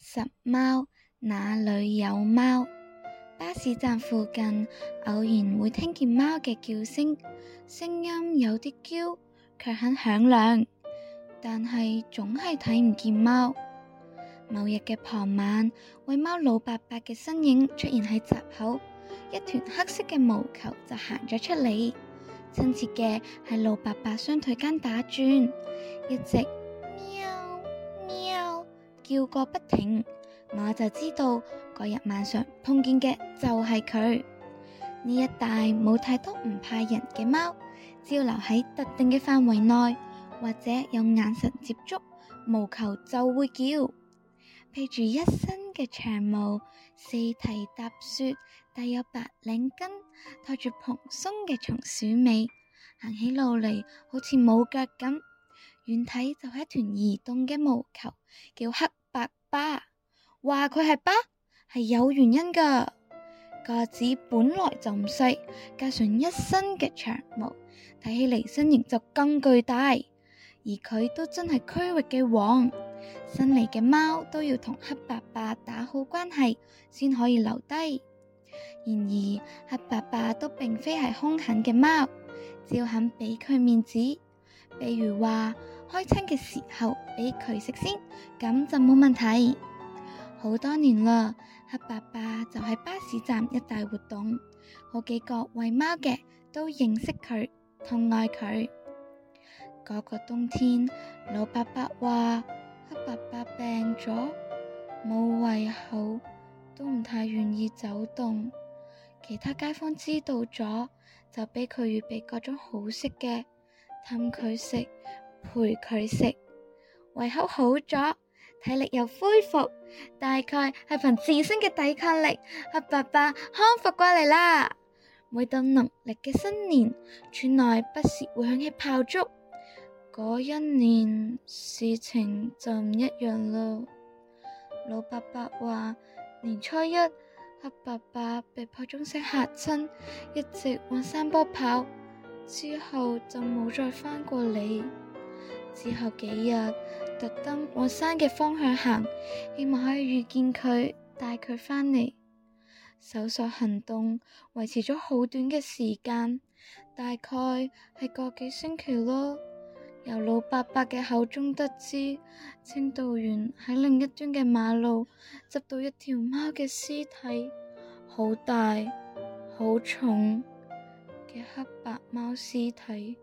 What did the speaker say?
拾貓，那裏有貓？巴士站附近偶然會聽見貓嘅叫聲，聲音有啲嬌，卻很響亮。但係總係睇唔見貓。某日嘅傍晚，喂貓老伯伯嘅身影出現喺閘口，一團黑色嘅毛球就行咗出嚟。親切嘅喺老伯伯雙腿間打轉，一直叫個不停，我就知道嗰日晚上碰見嘅就係佢。呢一帶冇太多唔怕人嘅貓，只要留喺特定嘅範圍內，或者用眼神接觸，毛球就會叫。披住，一身嘅長毛，四蹄踏雪，帶有白領巾，拖住蓬鬆嘅松鼠尾，行起路嚟好似冇腳咁。遠睇就係一團移動嘅毛球，叫黑。爸話佢係爸，係有原因㗎。個子本來就唔細，加上一身嘅長毛，睇起嚟身形就更巨大。而佢都真係區域嘅王，新嚟嘅貓都要同黑爸爸打好關係，先可以留低。然而黑爸爸都並非係兇狠嘅貓，只要肯俾佢面子，比如話開餐嘅時候俾佢食先，咁就冇問題。好多年啦，黑爸爸就喺巴士站一帶活動，好幾個喂貓嘅都認識佢，痛愛佢。嗰個冬天，老伯伯話黑爸爸病咗，冇胃口，都唔太願意走動。其他街坊知道咗，就俾佢預備各種好食嘅。氹佢食，陪佢食，胃口好咗，體力又恢復，大概係憑自身嘅抵抗力，黑爸爸康復過嚟啦。每到農曆嘅新年，村內不時會響起炮竹，嗰一年事情就唔一樣咯。老伯伯話：年初一，黑爸爸被炮仗聲嚇親，一直往山坡跑。之後就冇再返過嚟。之後幾日，特登往山嘅方向行，希望可以遇見佢，帶佢返嚟。搜索行動維持咗好短嘅時間，大概係個幾星期咯。由老伯伯嘅口中得知，清道員喺另一端嘅馬路執到一條貓嘅屍體，好大，好重。嘅黑白貓屍體。